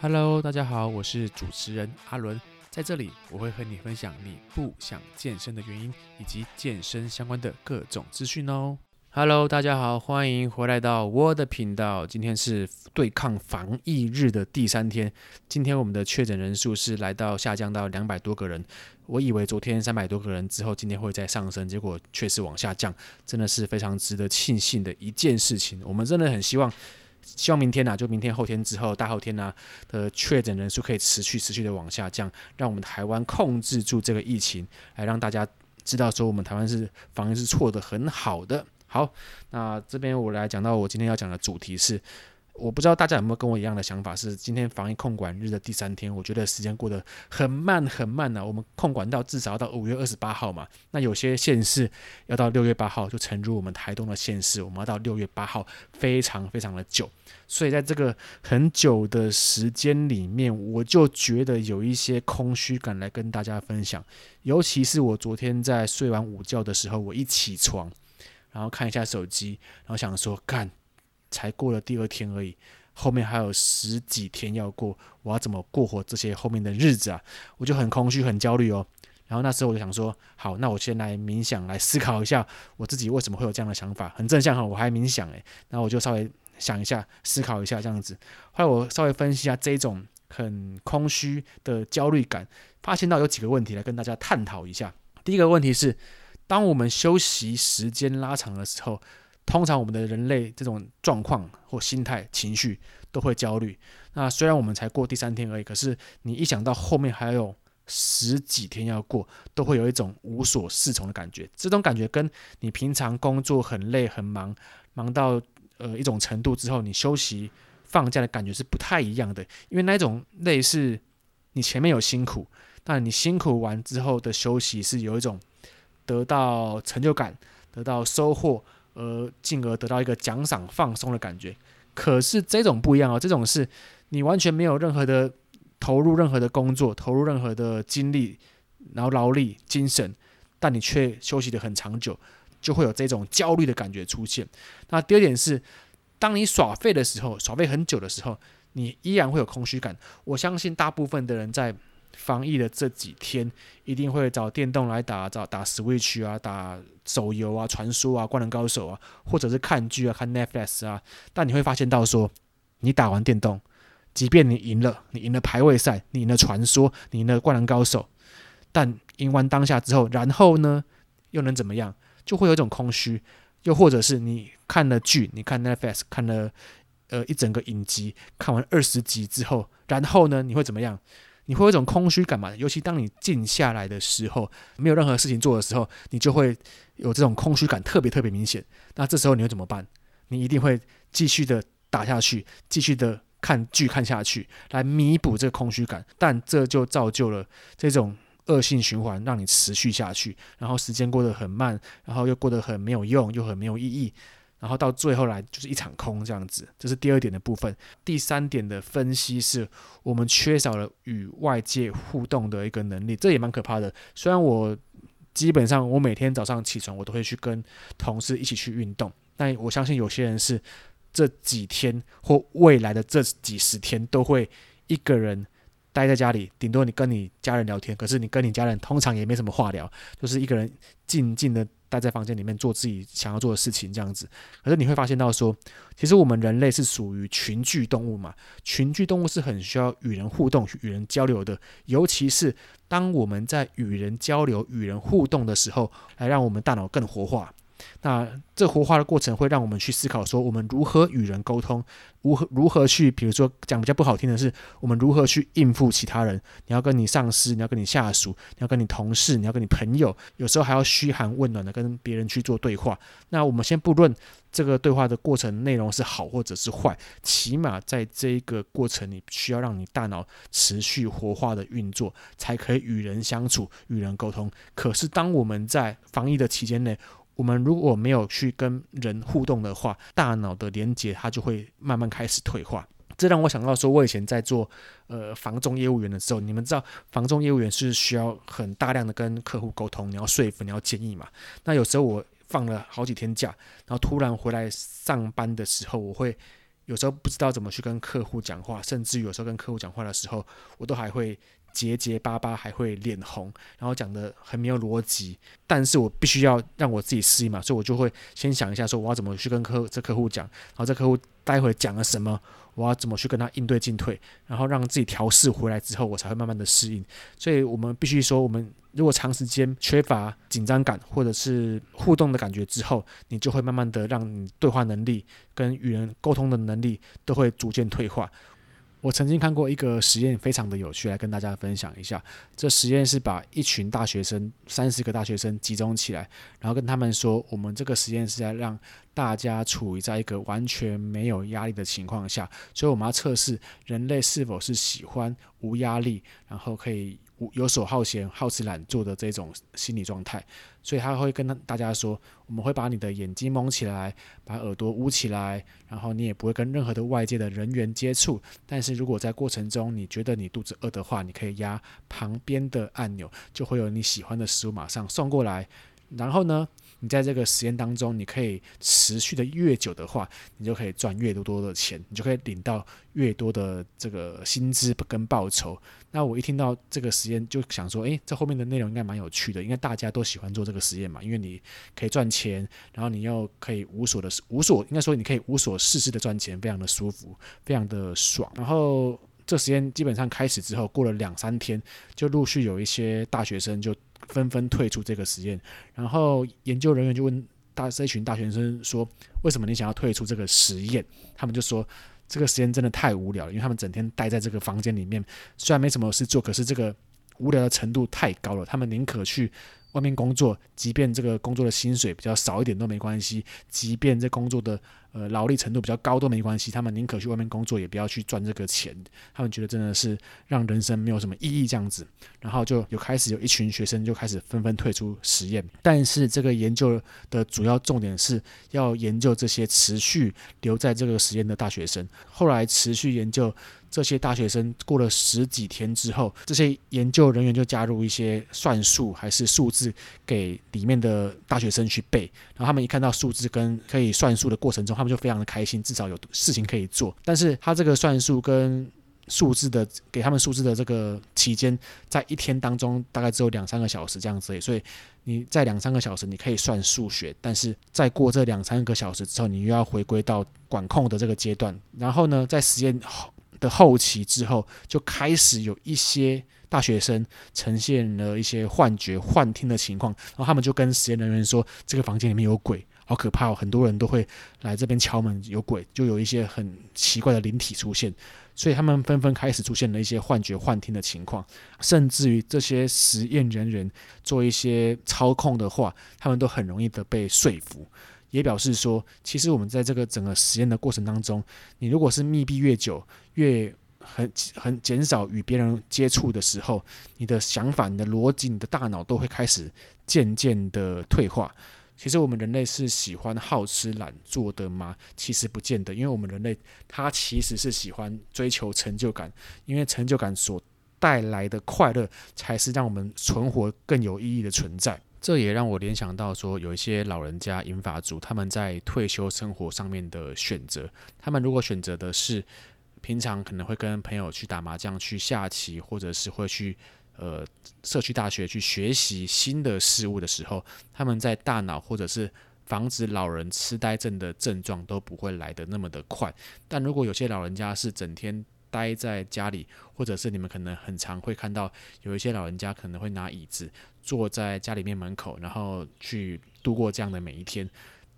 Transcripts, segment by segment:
Hello，大家好，我是主持人阿倫，在這裡我會和你分享你不想健身的原因，以及健身相關的各種資訊哦。Hello，大家好，歡迎回來到我的頻道。今天是對抗防疫日的第三天，今天我們的確診人數是來到下降到兩百多個人。我以為昨天三百多個人之後，今天會再上升，結果卻是往下降，真的是非常值得慶幸的一件事情。我們真的很希望。希望明天吶、啊，就明天後天之後大後天吶、啊、的確診人數可以持續持續的往下降，讓我們台灣控制住這個疫情，來讓大家知道說我們台灣是防疫是做得很好的。好，那這邊我來講到我今天要講的主題是。我不知道大家有沒有跟我一樣的想法，是今天防疫控管日的第三天，我覺得時間過得很慢很慢吶、啊。我們控管到至少要到五月二十八號嘛，那有些縣市要到六月八號，就沉入我們台東的縣市，我們要到六月八號，非常非常的久。所以在這個很久的時間裡面，我就覺得有一些空虛感來跟大家分享。尤其是我昨天在睡完午覺的時候，我一起床，然後看一下手機，然後想說幹。才過了第二天而已，後面還有十幾天要過，我要怎麼過活這些後面的日子啊？我就很空虛，很焦慮哦。然後那時候我就想說，好，那我先來冥想，來思考一下我自己為什麼會有這樣的想法。很正向哈，我還冥想誒。那我就稍微想一下，思考一下這樣子。後來我稍微分析一下這種很空虛的焦慮感，發現到有幾個問題來跟大家探討一下。第一個問題是，當我們休息時間拉長的時候。通常我們的人類這種狀況或心態、情緒都會焦慮。那雖然我們才過第三天而已，可是你一想到後面還有十幾天要過，都會有一種無所適從的感覺。這種感覺跟你平常工作很累、很忙，忙到呃一種程度之後，你休息放假的感覺是不太一樣的。因為那一種累是，你前面有辛苦，但你辛苦完之後的休息是有一種得到成就感、得到收穫。而進而得到一個獎賞、放鬆的感覺。可是這種不一樣哦、啊，這種是你完全沒有任何的投入、任何的工作、投入任何的精力、然後勞力、精神，但你卻休息得很長久，就會有這種焦慮的感覺出現。那第二點是，當你耍廢的時候，耍廢很久的時候，你依然會有空虛感。我相信大部分的人在，防疫的這幾天，一定會找電動來打，找打 Switch 啊，打手遊啊，傳說啊，灌籃高手啊，或者是看劇啊，看 Netflix 啊。但你會發現到說，你打完電動，即便你贏了，你贏了排位賽，你贏了傳說，你贏了灌籃高手，但贏完當下之後，然後呢，又能怎麼樣？就會有一種空虛。又或者是你看了劇，你看 Netflix，看了呃一整個影集，看完二十集之後，然後呢，你會怎麼樣？你會有一種空虛感嘛？尤其當你靜下來的時候，沒有任何事情做的時候，你就會有這種空虛感，特別特別明顯。那這時候你會怎麼辦？你一定會繼續的打下去，繼續的看劇看下去，來彌補這個空虛感。但這就造就了這種惡性循環，讓你持續下去，然後時間過得很慢，然後又過得很沒有用，又很沒有意義。然後到最後來就是一場空這樣子，這是第二點的部分。第三點的分析是我們缺少了與外界互動的一個能力，這也蠻可怕的。雖然我基本上我每天早上起床我都會去跟同事一起去運動，但我相信有些人是這幾天或未來的這幾十天都會一個人待在家裡，頂多你跟你家人聊天，可是你跟你家人通常也沒什麼話聊，就是一個人靜靜的。待在房間裡面做自己想要做的事情，這樣子。可是你會發現到說，其實我們人類是屬於群聚動物嘛，群聚動物是很需要與人互動、與人交流的，尤其是當我們在與人交流、與人互動的時候，來讓我們大腦更活化。那這活化的過程會讓我們去思考說，我們如何與人溝通，如何如何去，比如說講比較不好聽的是，我們如何去應付其他人？你要跟你上司，你要跟你下屬，你要跟你同事，你要跟你朋友，有時候還要噓寒問暖的跟別人去做對話。那我們先不論這個對話的過程內容是好或者是壞，起碼在這個過程，你需要讓你大腦持續活化的運作，才可以與人相處、與人溝通。可是當我們在防疫的期間內，我們如果沒有去跟人互動的話，大腦的連接它就會慢慢開始退化。這讓我想到說，我以前在做呃房仲業務員的時候，你們知道房仲業務員是需要很大量的跟客戶溝通，你要說服，你要建議嘛。那有時候我放了好幾天假，然後突然回來上班的時候，我會有時候不知道怎麼去跟客戶講話，甚至於有時候跟客戶講話的時候，我都還會，結結巴巴，還會臉紅，然後講得很沒有邏輯。但是我必須要讓我自己適應嘛，所以我就會先想一下，說我要怎麼去跟客這客戶講，然後這客戶待會講了什麼，我要怎麼去跟他應對進退，然後讓自己調試回來之後，我才會慢慢的適應。所以我們必須說，我們如果長時間缺乏緊張感或者是互動的感覺之後，你就會慢慢的讓你對話能力跟與人溝通的能力都會逐漸退化。我曾經看過一個實驗，非常的有趣，來跟大家分享一下。這實驗是把一群大學生，三十個大學生集中起來，然後跟他們說，我們這個實驗是在讓大家處於在一個完全沒有壓力的情況下，所以我們要測試人類是否是喜歡無壓力，然後可以。游手好閒、好吃懶做的這種心理狀態，所以他會跟大家說：我們會把你的眼睛蒙起來，把耳朵捂起來，然後你也不會跟任何的外界的人員接觸。但是如果在過程中你覺得你肚子餓的話，你可以壓旁邊的按鈕，就會有你喜歡的食物馬上送過來。然後呢，你在這個實驗當中，你可以持續的越久的話，你就可以賺越多多的錢，你就可以領到越多的這個薪資跟報酬。那我一聽到這個實驗，就想說，誒，這後面的內容應該蠻有趣的，應該大家都喜歡做這個實驗嘛，因為你可以賺錢，然後你又可以無所的無所，應該說你可以無所事事的賺錢，非常的舒服，非常的爽。然後。這實驗基本上開始之後，過了兩三天，就陸續有一些大學生就紛紛退出這個實驗。然後研究人員就問大，這一群大學生說：“為什麼你想要退出這個實驗？”他們就說：“這個實驗真的太無聊了，因為他們整天待在這個房間裡面，雖然沒什麼事做，可是這個無聊的程度太高了。他們寧可去外面工作，即便這個工作的薪水比較少一點都沒關係，即便這工作的。”呃，勞力程度比較高都沒關係，他們寧可去外面工作，也不要去賺這個錢。他們覺得真的是讓人生沒有什麼意義這樣子。然後就有開始有一群學生就開始紛紛退出實驗，但是這個研究的主要重點是要研究這些持續留在這個實驗的大學生。後來持續研究這些大學生過了十幾天之後，這些研究人員就加入一些算術還是數字給裡面的大學生去背，然後他們一看到數字跟可以算數的過程中。他們就非常的開心，至少有事情可以做。但是，他這個算術跟數字的給他們數字的這個期間，在一天當中大概只有兩三個小時這樣子。所以，你在兩三個小時你可以算數學，但是再過這兩三個小時之後，你又要回歸到管控的這個階段。然後呢，在實驗的後期之後，就開始有一些大學生呈現了一些幻覺、幻聽的情況。然後，他們就跟實驗人員說：“這個房間裡面有鬼。”好可怕哦！很多人都會來這邊敲門，有鬼，就有一些很奇怪的靈體出現，所以他們紛紛開始出現了一些幻覺、幻聽的情況，甚至於這些實驗人員做一些操控的話，他們都很容易的被說服。也表示說，其實我們在這個整個實驗的過程當中，你如果是密閉越久、越很很減少與別人接觸的時候，你的想法、你的邏輯、你的大腦都會開始漸漸的退化。其實我們人類是喜歡好吃懶做的嗎？其實不見得，因為我們人類他其實是喜歡追求成就感，因為成就感所帶來的快樂，才是讓我們存活更有意義的存在。這也讓我聯想到說，有一些老人家、銀髮族他們在退休生活上面的選擇，他們如果選擇的是平常可能會跟朋友去打麻將、去下棋，或者是會去，呃，社區大學去學習新的事物的時候，他們在大腦或者是防止老人癡呆症的症狀都不會來得那麼的快。但如果有些老人家是整天待在家裡，或者是你們可能很常會看到有一些老人家可能會拿椅子坐在家裡面門口，然後去度過這樣的每一天。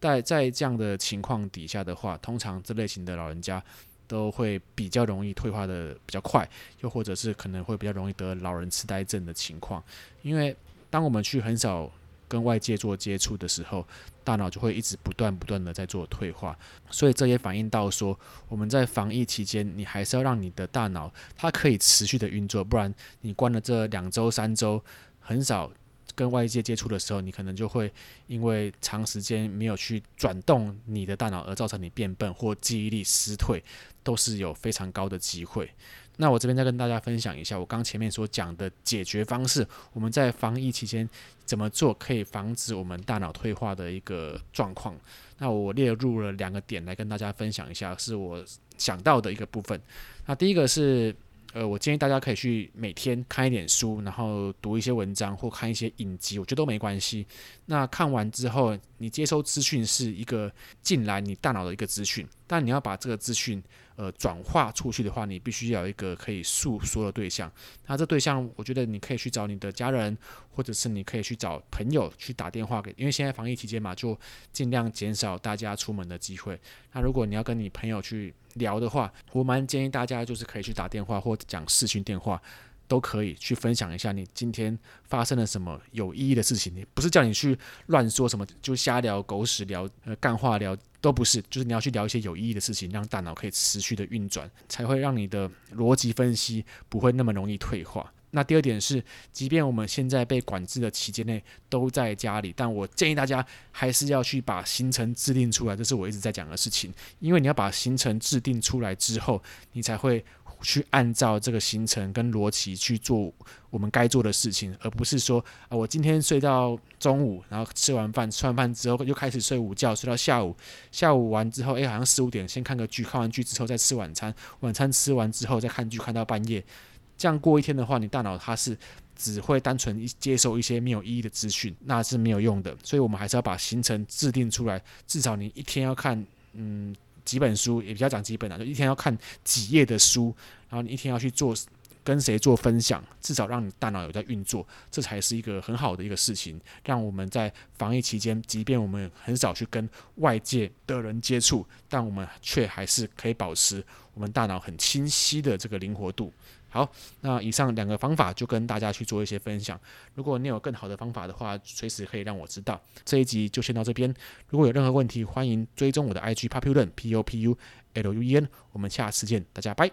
但在這樣的情況底下的話，通常這類型的老人家。都會比較容易退化的比較快，又或者是可能會比較容易得老人痴呆症的情況，因為當我們去很少跟外界做接觸的時候，大腦就會一直不斷不斷的在做退化，所以這也反映到說，我們在防疫期間，你還是要讓你的大腦它可以持續的運作，不然你關了這兩周三周很少。跟外界接觸的時候，你可能就會因為長時間沒有去轉動你的大腦而造成你變笨或記憶力衰退，都是有非常高的機會。那我這邊再跟大家分享一下我剛前面所講的解決方式，我們在防疫期間怎麼做可以防止我們大腦退化的一個狀況？那我列入了兩個點來跟大家分享一下，是我想到的一個部分。那第一個是。呃，我建議大家可以去每天看一點書，然後讀一些文章或看一些影集，我覺得都沒關係。那看完之後，你接收資訊是一個進來你大腦的一個資訊，但你要把這個資訊。呃，轉化出去的話，你必須要有一個可以訴說的對象。那這對象，我覺得你可以去找你的家人，或者是你可以去找朋友去打電話給，因為現在防疫期間嘛，就盡量減少大家出門的機會。那如果你要跟你朋友去聊的話，我蠻建議大家就是可以去打電話或講視訊電話，都可以去分享一下你今天發生了什麼有意義的事情。你不是叫你去亂說什麼，就瞎聊狗屎聊，呃，幹話聊。都不是，就是你要去聊一些有意義的事情，讓大腦可以持續的運轉，才會讓你的邏輯分析不會那麼容易退化。那第二點是，即便我們現在被管制的期間內都在家裡，但我建議大家還是要去把行程制定出來，這是我一直在講的事情，因為你要把行程制定出來之後，你才會，去按照這個行程跟邏輯去做我們該做的事情，而不是說啊，我今天睡到中午，然後吃完飯，吃完飯之後又開始睡午覺，睡到下午，下午完之後，誒，好像四五點先看個劇，看完劇之後再吃晚餐，晚餐吃完之後再看劇，看到半夜，這樣過一天的話，你大腦它是只會單純接受一些沒有意義的資訊，那是沒有用的。所以，我們還是要把行程制定出來，至少你一天要看，嗯。幾本書也比較講基本的，就一天要看幾頁的書，然後你一天要去做跟誰做分享，至少讓你大腦有在運作，這才是一個很好的一個事情。讓我們在防疫期間，即便我們很少去跟外界的人接觸，但我們卻還是可以保持我們大腦很清晰的這個靈活度。好，那以上兩個方法就跟大家去做一些分享。如果你有更好的方法的話，隨時可以讓我知道。這一集就先到這邊。如果有任何問題，歡迎追蹤我的 IG populuen p o p u l u e n。我們下次見，大家拜。